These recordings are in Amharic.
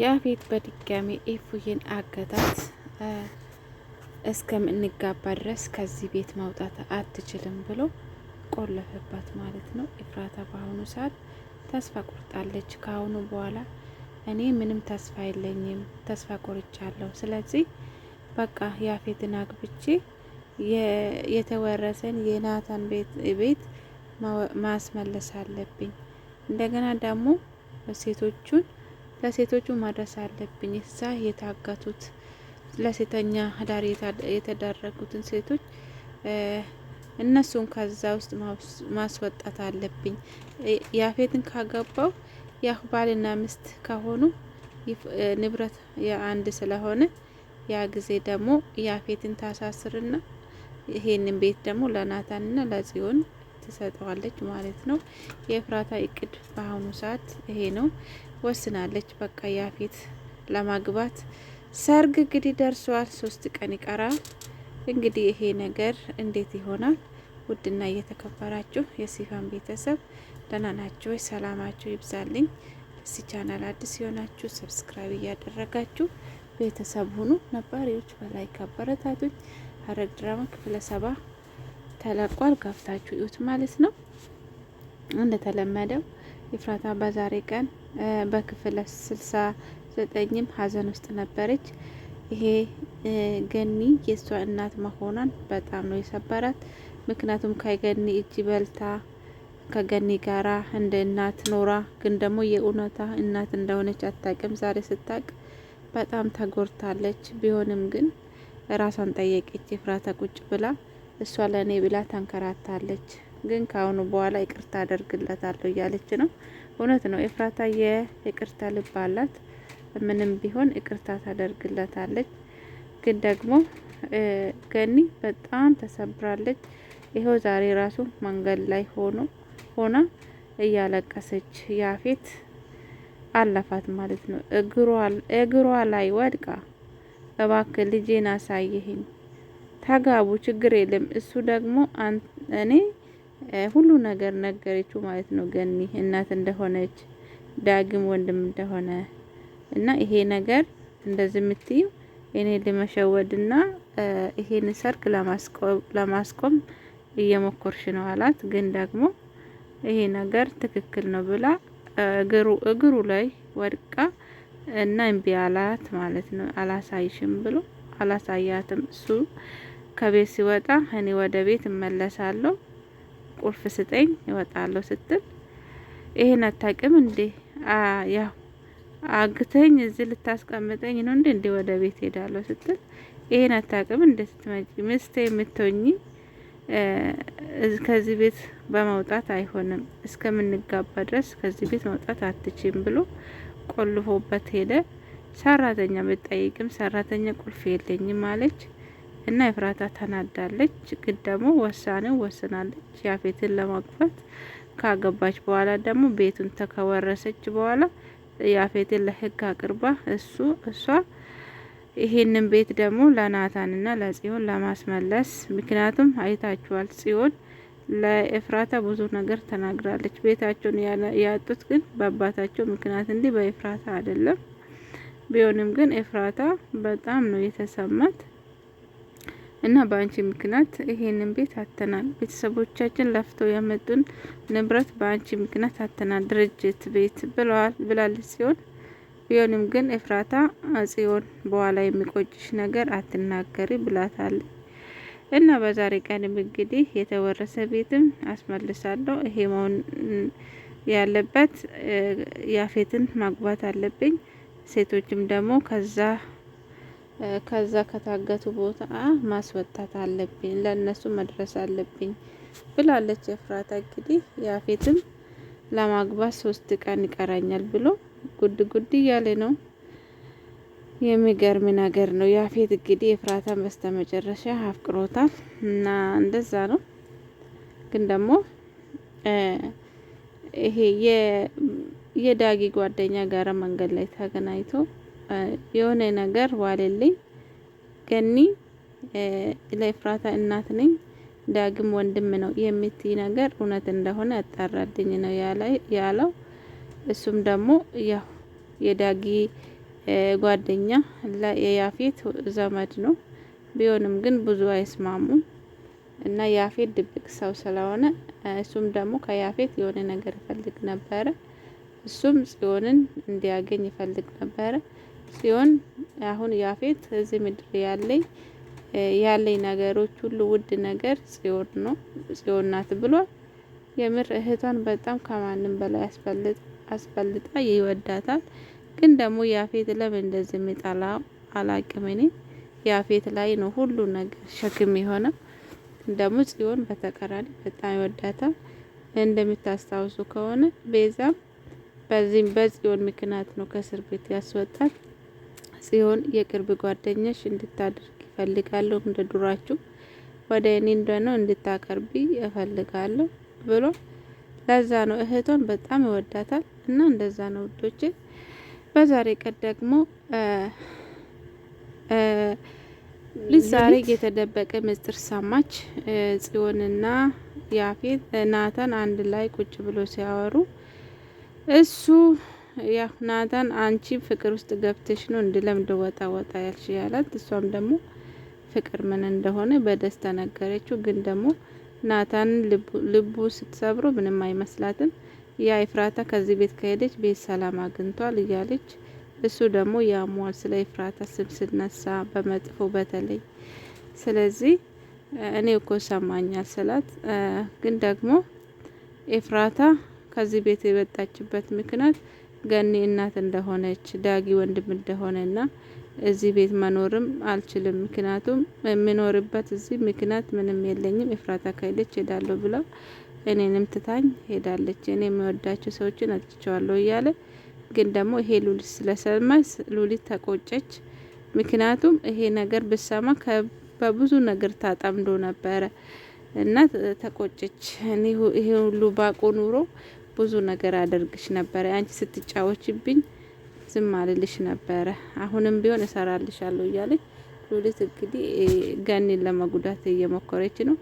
ያፌት በድጋሚ ኤፉዬን አገታት። እስከምንጋባ ድረስ ከዚህ ቤት መውጣት አትችልም ብሎ ቆለፈባት ማለት ነው። ኤፍራታ በአሁኑ ሰዓት ተስፋ ቆርጣለች። ከአሁኑ በኋላ እኔ ምንም ተስፋ የለኝም፣ ተስፋ ቆርጫለሁ። ስለዚህ በቃ ያፌትን አግብቼ የተወረሰን የናታን ቤት ማስመለስ አለብኝ። እንደገና ደግሞ ሴቶቹን ለሴቶቹ ማድረስ አለብኝ። እዛ የታገቱት ለሴተኛ ዳር የተዳረጉትን ሴቶች እነሱን ከዛ ውስጥ ማስወጣት አለብኝ። ያፌትን ካገባው ያሁ ባልና ሚስት ከሆኑ ንብረት የአንድ ስለሆነ ያ ጊዜ ደግሞ ያፌትን ታሳስርና ይሄንን ቤት ደግሞ ለናታንና ለጽዮን ትሰጠዋለች ማለት ነው። የፍራታ እቅድ በአሁኑ ሰዓት ይሄ ነው። ወስናለች በቃ ያፌት ለማግባት ሰርግ እንግዲህ ደርሷል። ሶስት ቀን ይቀራ እንግዲህ ይሄ ነገር እንዴት ይሆናል? ውድና እየተከበራችሁ የሲፋን ቤተሰብ ደህና ናችሁ ወይ? ሰላማችሁ ይብዛልኝ። እዚህ ቻናል አዲስ የሆናችሁ ሰብስክራይብ እያደረጋችሁ ቤተሰብ ሁኑ። ነባሪዎች በላይ አበረታቱኝ። ሐረግ ድራማ ክፍለ ሰባ ተለቋል። ከፍታችሁ እዩት ማለት ነው። እንደተለመደው ይፍራታ በዛሬ ቀን በክፍል ስልሳ ዘጠኝም ሀዘን ውስጥ ነበረች። ይሄ ገኒ የእሷ እናት መሆኗን በጣም ነው የሰበራት። ምክንያቱም ከገኒ እጅ በልታ ከገኒ ጋራ እንደ እናት ኖራ ግን ደግሞ የእውነታ እናት እንደሆነች አታቅም። ዛሬ ስታቅ በጣም ተጎርታለች። ቢሆንም ግን ራሷን ጠየቀች። ይፍራታ ቁጭ ብላ እሷ ለእኔ ብላ ተንከራታለች። ግን ከአሁኑ በኋላ ይቅርታ አደርግለታለሁ እያለች ነው። እውነት ነው ኤፍራታ የይቅርታ ልብ አላት። ምንም ቢሆን ይቅርታ ታደርግለታለች። ግን ደግሞ ገኒ በጣም ተሰብራለች። ይኸው ዛሬ ራሱ መንገድ ላይ ሆኖ ሆና እያለቀሰች ያፌት አለፋት ማለት ነው። እግሯ ላይ ወድቃ እባክ ልጄን አሳይህኝ ተጋቡ፣ ችግር የለም። እሱ ደግሞ እኔ ሁሉ ነገር ነገረችው ማለት ነው። ገኒ እናት እንደሆነች ዳግም ወንድም እንደሆነ እና ይሄ ነገር እንደዚህ የምትይው እኔ ለመሸወድና ይሄን ሰርግ ለማስቆም እየሞከርሽ ነው አላት። ግን ደግሞ ይሄ ነገር ትክክል ነው ብላ እግሩ እግሩ ላይ ወድቃ እና እምቢ አላት ማለት ነው። አላሳይሽም ብሎ አላሳያትም እሱ ከቤት ሲወጣ እኔ ወደ ቤት እመለሳለሁ፣ ቁልፍ ስጠኝ ይወጣለሁ ስትል ይሄን አታውቅም እንዴ? ያው አግተኝ እዚህ ልታስቀምጠኝ ነው እንዴ? እንዴ ወደ ቤት ሄዳለሁ ስትል ይሄን አታውቅም እንዴ? ስትመጪ ምስቴ የምትሆኚ ከዚህ ቤት በመውጣት አይሆንም፣ እስከምንጋባ ድረስ ከዚህ ቤት መውጣት አትችም ብሎ ቆልፎበት ሄደ። ሰራተኛ ብትጠይቅም ሰራተኛ ቁልፍ የለኝም አለች። እና ኤፍራታ ተናዳለች፣ ግን ደግሞ ወሳኔው ወስናለች። ያፌትን ለማግፋት ካገባች በኋላ ደግሞ ቤቱን ተከወረሰች በኋላ ያፌትን ለህግ አቅርባ እሱ እሷ ይሄንን ቤት ደግሞ ለናታንና ለጽዮን ለማስመለስ ምክንያቱም አይታችኋል ጽዮን ለኤፍራታ ብዙ ነገር ተናግራለች። ቤታቸውን ያጡት ግን በአባታቸው ምክንያት እንዲህ በኤፍራታ አይደለም። ቢሆንም ግን ኤፍራታ በጣም ነው የተሰማት። እና በአንቺ ምክንያት ይሄንን ቤት አተናል። ቤተሰቦቻችን ለፍተው ያመጡን ንብረት በአንቺ ምክንያት አተናል ድርጅት ቤት ብለዋል ብላለች ሲሆን ቢሆንም ግን እፍራታ ጽዮን በኋላ የሚቆጭሽ ነገር አትናገሪ ብላታል። እና በዛሬ ቀንም እንግዲህ የተወረሰ ቤትም አስመልሳለሁ ይሄ መሆን ያለበት ያፌትን ማግባት አለብኝ ሴቶችም ደግሞ ከዛ ከዛ ከታገቱ ቦታ ማስወጣት አለብኝ፣ ለነሱ መድረስ አለብኝ ብላለች ኤፍራታ። እንግዲህ ያፌትም ለማግባት ሶስት ቀን ይቀረኛል ብሎ ጉድ ጉድ እያለ ነው። የሚገርም ነገር ነው። ያፌት እንግዲህ ኤፍራታን በስተመጨረሻ አፍቅሮታል እና እንደዛ ነው። ግን ደግሞ ይሄ የዳጊ ጓደኛ ጋር መንገድ ላይ ተገናኝቶ የሆነ ነገር ዋለልኝ። ገኒ ለፍራታ እናት ነኝ ዳግም ወንድም ነው የምትይ ነገር እውነት እንደሆነ ያጣራልኝ ነው ያለው። እሱም ደግሞ ያው የዳጊ ጓደኛ የያፌት ዘመድ ነው። ቢሆንም ግን ብዙ አይስማሙም እና ያፌት ድብቅ ሰው ስለሆነ እሱም ደግሞ ከያፌት የሆነ ነገር ይፈልግ ነበረ። እሱም ጽዮንን እንዲያገኝ ይፈልግ ነበረ። ሲሆን አሁን ያፌት እዚህ ምድር ያለኝ ያለኝ ነገሮች ሁሉ ውድ ነገር ጽዮን ነው ጽዮን ናት ብሏል። የምር እህቷን በጣም ከማንም በላይ አስፈልጣ ይወዳታል። ግን ደግሞ ያፌት ለምን እንደዚህ የሚጣላ አላቅም። እኔ ያፌት ላይ ነው ሁሉ ነገር ሸክም የሆነው። ደግሞ ጽዮን በተቃራኒ በጣም ይወዳታል። እንደምታስታውሱ ከሆነ ቤዛም በዚህም በጽዮን ምክንያት ነው ከእስር ቤት ያስወጣት። ጽዮን የቅርብ ጓደኛሽ እንድታደርግ ይፈልጋለሁ። እንደ ዱራችሁ ወደ እኔ እንደሆነ እንድታቀርቢ እፈልጋለሁ ብሎ ለዛ ነው እህቷን በጣም ይወዳታል እና እንደዛ ነው ውዶች። በዛሬ ቀን ደግሞ ዛሬ የተደበቀ ምስጢር ሰማች። ጽዮንና ያፌት ናታን አንድ ላይ ቁጭ ብሎ ሲያወሩ እሱ ያው ናታን አንቺ ፍቅር ውስጥ ገብተሽ ነው እንድ ለምድ ወጣ ወጣ ያልሽ ያላት። እሷም ደግሞ ፍቅር ምን እንደሆነ በደስታ ነገረችው። ግን ደግሞ ናታን ልቡ ስትሰብሮ ምንም አይመስላትም። ያ ኤፍራታ ከዚህ ቤት ከሄደች ቤት ሰላም አግኝቷል እያለች እሱ ደግሞ ያሟል ስለ ኤፍራታ ስም ስነሳ በመጥፎ በተለይ ስለዚህ እኔ እኮ ሰማኛል ስላት፣ ግን ደግሞ ኤፍራታ ከዚህ ቤት የወጣችበት ምክንያት ገኒ እናት እንደሆነች ዳጊ ወንድም እንደሆነና እዚህ ቤት መኖርም አልችልም፣ ምክንያቱም የምኖርበት እዚህ ምክንያት ምንም የለኝም፣ ኤፍራታ ካይለች ሄዳለሁ ብለው እኔንም ትታኝ ሄዳለች፣ እኔ የምወዳቸው ሰዎችን አጥቼዋለሁ እያለ ግን ደግሞ ይሄ ሉሊት ስለሰማኝ ሉሊት ተቆጨች። ምክንያቱም ይሄ ነገር ብሰማ በብዙ ነገር ታጠምዶ ነበረ እና ተቆጨች። ይሄ ሁሉ ባቆ ኑሮ ብዙ ነገር አደርግሽ ነበረ። አንቺ ስትጫወችብኝ ዝም አልልሽ ነበረ። አሁንም ቢሆን እሰራልሻለሁ እያለች ሉሊት እንግዲህ ገኒን ለመጉዳት እየሞከረች ነው።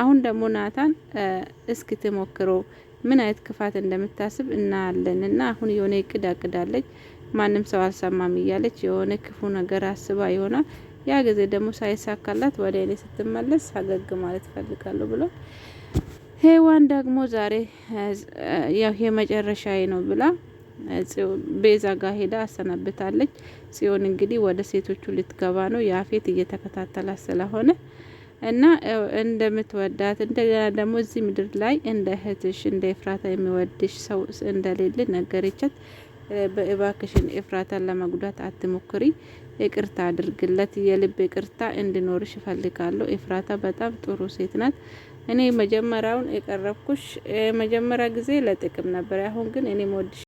አሁን ደግሞ ናታን እስኪ ትሞክሮ ምን አይነት ክፋት እንደምታስብ እናያለን። እና አሁን የሆነ እቅድ አቅዳለች፣ ማንም ሰው አልሰማም እያለች የሆነ ክፉ ነገር አስባ ይሆናል። ያ ጊዜ ደግሞ ሳይሳካላት ወደ እኔ ስትመለስ አገግ ማለት ፈልጋለሁ ብሎ ሄዋን ደግሞ ዛሬ ያው የመጨረሻዬ ነው ብላ ቤዛ ጋር ሄዳ አሰናብታለች። ጽዮን እንግዲህ ወደ ሴቶቹ ልትገባ ነው። ያፌት እየተከታተላት ስለሆነ እና እንደምትወዳት እንደገና ደግሞ እዚህ ምድር ላይ እንደ እህትሽ እንደ ኤፍራታ የሚወድሽ ሰው እንደሌለ ነገረቻት። በእባክሽን ኤፍራታን ለመጉዳት አትሞክሪ፣ ይቅርታ አድርግለት፣ የልብ ይቅርታ እንድኖርሽ እፈልጋለሁ። ኤፍራታ በጣም ጥሩ ሴት ናት። እኔ መጀመሪያውን የቀረብኩሽ መጀመሪያ ጊዜ ለጥቅም ነበር። አሁን ግን እኔ ወድሽ